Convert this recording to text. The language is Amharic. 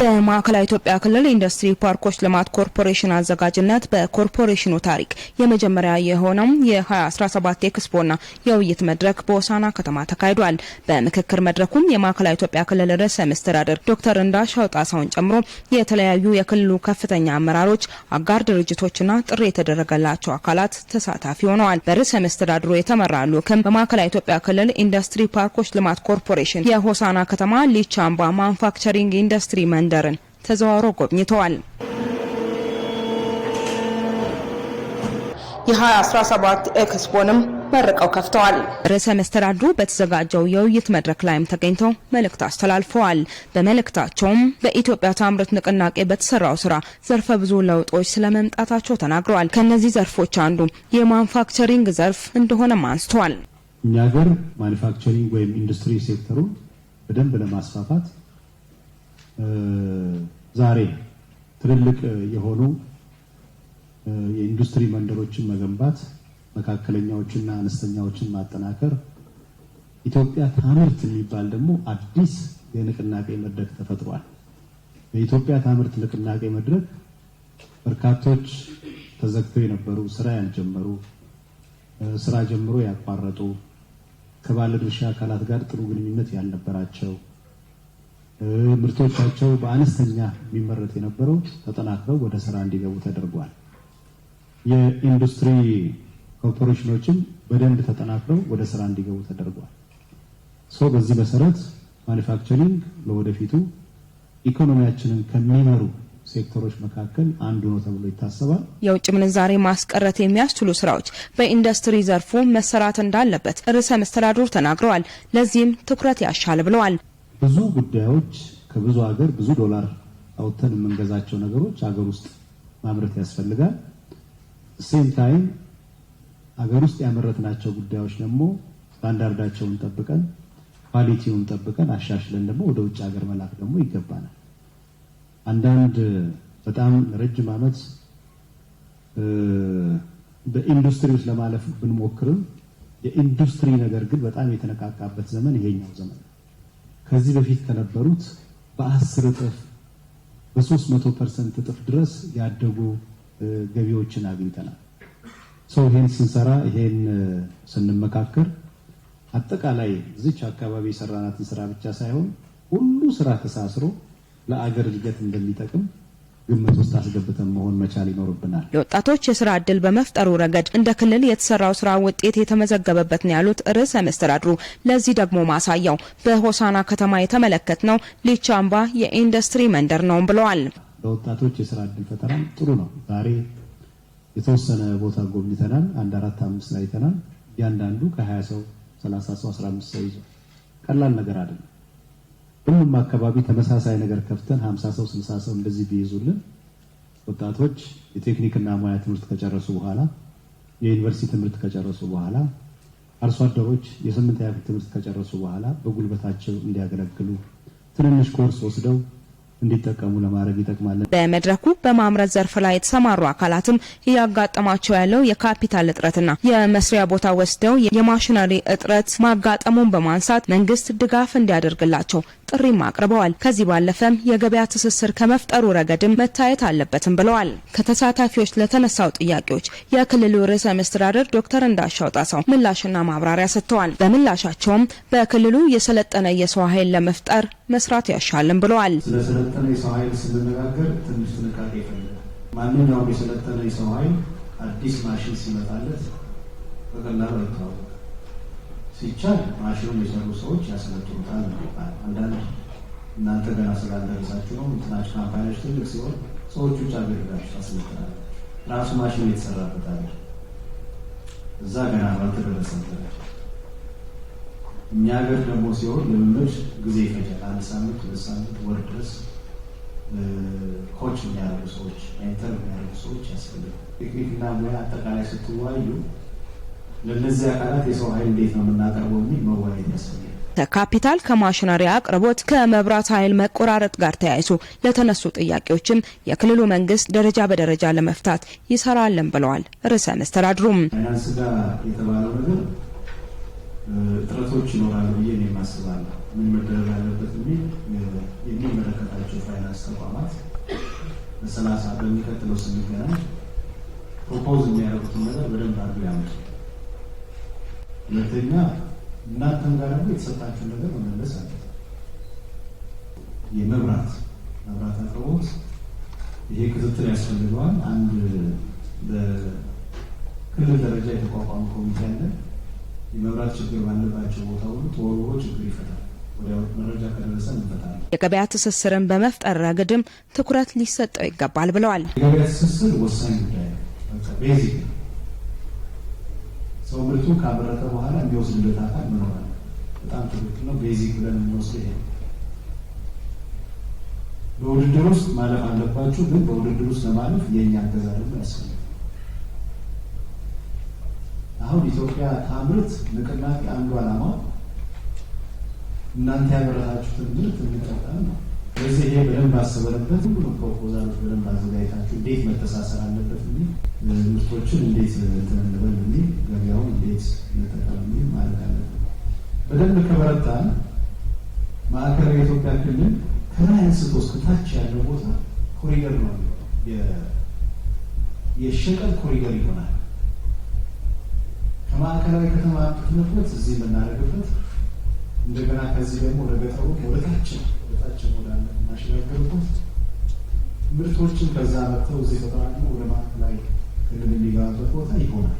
በማዕከላዊ ኢትዮጵያ ክልል ኢንዱስትሪ ፓርኮች ልማት ኮርፖሬሽን አዘጋጅነት በኮርፖሬሽኑ ታሪክ የመጀመሪያ የሆነው የ2017 ኤክስፖና የውይይት መድረክ በሆሳና ከተማ ተካሂዷል። በምክክር መድረኩም የማዕከላዊ ኢትዮጵያ ክልል ርዕሰ መስተዳደር ዶክተር እንዳሻው ጣሳውን ጨምሮ የተለያዩ የክልሉ ከፍተኛ አመራሮች፣ አጋር ድርጅቶችና ጥሪ የተደረገላቸው አካላት ተሳታፊ ሆነዋል። በርዕሰ መስተዳድሩ የተመራ ልዑክም በማዕከላዊ ኢትዮጵያ ክልል ኢንዱስትሪ ፓርኮች ልማት ኮርፖሬሽን የሆሳና ከተማ ሊቻምባ ማንፋክቸሪንግ ኢንዱስትሪ መን ጎንደርን ተዘዋሮ ጎብኝተዋል። የ2017 ኤክስፖንም መርቀው ከፍተዋል። ርዕሰ መስተዳድሩ በተዘጋጀው የውይይት መድረክ ላይም ተገኝተው መልእክት አስተላልፈዋል። በመልእክታቸውም በኢትዮጵያ ታምርት ንቅናቄ በተሰራው ስራ ዘርፈ ብዙ ለውጦች ስለመምጣታቸው ተናግረዋል። ከእነዚህ ዘርፎች አንዱ የማኑፋክቸሪንግ ዘርፍ እንደሆነም አንስተዋል። እኛ ሀገር ማኑፋክቸሪንግ ወይም ኢንዱስትሪ ሴክተሩን በደንብ ለማስፋፋት ዛሬ ትልልቅ የሆኑ የኢንዱስትሪ መንደሮችን መገንባት፣ መካከለኛዎችና አነስተኛዎችን ማጠናከር፣ ኢትዮጵያ ታምርት የሚባል ደግሞ አዲስ የንቅናቄ መድረክ ተፈጥሯል። በኢትዮጵያ ታምርት ንቅናቄ መድረክ በርካቶች ተዘግተው የነበሩ ስራ ያልጀመሩ ስራ ጀምሮ ያቋረጡ ከባለድርሻ አካላት ጋር ጥሩ ግንኙነት ያልነበራቸው ምርቶቻቸው በአነስተኛ የሚመረት የነበረው ተጠናክረው ወደ ስራ እንዲገቡ ተደርጓል። የኢንዱስትሪ ኮርፖሬሽኖችም በደንብ ተጠናክረው ወደ ስራ እንዲገቡ ተደርጓል። ሶ በዚህ መሰረት ማኒፋክቸሪንግ ለወደፊቱ ኢኮኖሚያችንን ከሚመሩ ሴክተሮች መካከል አንዱ ነው ተብሎ ይታሰባል። የውጭ ምንዛሬ ማስቀረት የሚያስችሉ ስራዎች በኢንዱስትሪ ዘርፉ መሰራት እንዳለበት ርዕሰ መስተዳድሩ ተናግረዋል። ለዚህም ትኩረት ያሻል ብለዋል። ብዙ ጉዳዮች ከብዙ ሀገር ብዙ ዶላር አውጥተን የምንገዛቸው ነገሮች ሀገር ውስጥ ማምረት ያስፈልጋል። ሴም ታይም ሀገር ውስጥ ያመረትናቸው ጉዳዮች ደግሞ ስታንዳርዳቸውን ጠብቀን ኳሊቲውን ጠብቀን አሻሽለን ደግሞ ወደ ውጭ ሀገር መላክ ደግሞ ይገባናል። አንዳንድ በጣም ረጅም ዓመት በኢንዱስትሪ ውስጥ ለማለፍ ብንሞክርም የኢንዱስትሪ ነገር ግን በጣም የተነቃቃበት ዘመን ይሄኛው ዘመን ከዚህ በፊት ከነበሩት በአስር እጥፍ በሶስት መቶ ፐርሰንት እጥፍ ድረስ ያደጉ ገቢዎችን አግኝተናል። ሰው ይሄን ስንሰራ ይሄን ስንመካከር አጠቃላይ ዝች አካባቢ የሰራናትን ስራ ብቻ ሳይሆን ሁሉ ስራ ተሳስሮ ለአገር እድገት እንደሚጠቅም ግምት ውስጥ አስገብተን መሆን መቻል ይኖርብናል። ለወጣቶች የስራ እድል በመፍጠሩ ረገድ እንደ ክልል የተሰራው ስራ ውጤት የተመዘገበበት ነው ያሉት ርዕሰ መስተዳድሩ፣ ለዚህ ደግሞ ማሳያው በሆሳና ከተማ የተመለከትነው ሊቻምባ የኢንዱስትሪ መንደር ነው ብለዋል። ለወጣቶች የስራ እድል ፈጠራ ጥሩ ነው። ዛሬ የተወሰነ ቦታ ጎብኝተናል። አንድ አራት አምስት ተናል። እያንዳንዱ ከ ሰው ሰላሳ ሰው 15 ሰው ይዟል። ቀላል ነገር አይደለም። ሁሉም አካባቢ ተመሳሳይ ነገር ከፍተን 50 ሰው 60 ሰው እንደዚህ ቢይዙልን ወጣቶች የቴክኒክና ሙያ ትምህርት ከጨረሱ በኋላ የዩኒቨርሲቲ ትምህርት ከጨረሱ በኋላ አርሶ አደሮች የስምንተኛ ትምህርት ከጨረሱ በኋላ በጉልበታቸው እንዲያገለግሉ ትንንሽ ኮርስ ወስደው እንዲጠቀሙ ለማድረግ ይጠቅማለን። በመድረኩ በማምረት ዘርፍ ላይ የተሰማሩ አካላትም እያጋጠማቸው ያለው የካፒታል እጥረትና የመስሪያ ቦታ ወስደው የማሽነሪ እጥረት ማጋጠሙን በማንሳት መንግስት ድጋፍ እንዲያደርግላቸው ጥሪም አቅርበዋል። ከዚህ ባለፈም የገበያ ትስስር ከመፍጠሩ ረገድም መታየት አለበትም ብለዋል። ከተሳታፊዎች ለተነሳው ጥያቄዎች የክልሉ ርዕሰ መስተዳደር ዶክተር እንዳሻው ጣሰው ምላሽና ማብራሪያ ሰጥተዋል። በምላሻቸውም በክልሉ የሰለጠነ የሰው ኃይል ለመፍጠር መስራት ያሻልም ብለዋል። ስለሰለጠነ የሰው ኃይል ስንነጋገር ትንሽ ጥንቃቄ ይፈልጋል። ማንኛውም የሰለጠነ የሰው ኃይል አዲስ ማሽን ሲመጣለት በቀላሉ አይተዋወቅም። ሲቻል ማሽኑን የሰሩ ሰዎች ያሰለጥኑታል ነው ይባል። አንዳንድ እናንተ ገና ስላልደረሳችሁ ነው እንትናችሁ ካምፓኒዎች ትልቅ ሲሆን ሰዎች ውጭ ሀገር ሄዳችሁ ራሱ ማሽን የተሰራበት አለ እዛ ገና ባልተደረሰ እኛ ሀገር ደግሞ ሲሆን ልምምድ ጊዜ ይፈጃል። አንድ ሳምንት፣ ሁለት ሳምንት፣ ወር ድረስ ኮች የሚያደርጉ ሰዎች፣ ሜንተር የሚያደርጉ ሰዎች ያስፈልጋል። እና ሙያ አጠቃላይ ስትዋዩ ለእነዚህ አካላት የሰው ኃይል እንዴት ነው የምናቀርበው የሚል መወያየት ያስፈልጋል። ከካፒታል ከማሽነሪ አቅርቦት ከመብራት ኃይል መቆራረጥ ጋር ተያይዞ ለተነሱ ጥያቄዎችም የክልሉ መንግስት ደረጃ በደረጃ ለመፍታት ይሰራለን ብለዋል ርዕሰ መስተዳድሩም ፋይናንስ ጋር የተባለው ነገር እጥረቶች ይኖራሉ ብዬ እኔ የማስባለሁ። ምን መደረግ አለበት የሚል የሚመለከታቸው ፋይናንስ ተቋማት በሰላሳ በሚቀጥለው ስንገናኝ ፕሮፖዝ የሚያደርጉትን ነገር በደንብ አድርገው ያምጡ። ሁለተኛ እናንተም ጋር ደግሞ የተሰጣችሁን ነገር መመለስ አለ። የመብራት መብራት አቅርቦት ይሄ ክትትል ያስፈልገዋል። አንድ በክልል ደረጃ የተቋቋመ ኮሚቴ አለ። መብራት ችግር ባለባቸው ቦታ ሁሉ ተወርውሮ ችግር ይፈታል። የገበያ ትስስርን በመፍጠር ረገድም ትኩረት ሊሰጠው ይገባል ብለዋል። የገበያ ትስስር ወሳኝ ጉዳይ ቤዚክ ነው። ሰው ምርቱ ካመረተ በኋላ የሚወስድለት አካል መኖራል። በጣም ትክክል ነው። ቤዚክ ብለን የሚወስድ ይሄ በውድድር ውስጥ ማለፍ አለባችሁ፣ ግን በውድድር ውስጥ ለማለፍ የእኛ አገዛ ደግሞ ያስፈልጋል። አሁን ኢትዮጵያ ታምርት ንቅናቄ አንዱ ዓላማ እናንተ ያበረታችሁትን ምርት እንቀጣል ነው። ስለዚህ ይሄ በደንብ አስበንበት ሁሉም ፕሮፖዛሎች በደንብ አዘጋጅታችሁ እንዴት መተሳሰር አለበት እ ምርቶችን እንዴት ትንንበል እ ገበያውን እንዴት መጠቀም ማለት አለበት። በደንብ ከበረታን ማዕከላዊ የኢትዮጵያ ክልል ከላይ አንስቶ እስከታች ያለው ቦታ ኮሪደር ነው፣ የሸቀጥ ኮሪደር ይሆናል። ከማዕከላዊ ከተማ ትምህርት እዚህ የምናደርግበት እንደገና ከዚህ ደግሞ ለገጠሩ ወደታችን ወደታችን ወዳለ የማሸጋገርበት ምርቶችን ከዛ መጥተው እዚህ ተጠራቅሞ ወደ ማዕከላዊ ክልል የሚገባበት ቦታ ይሆናል።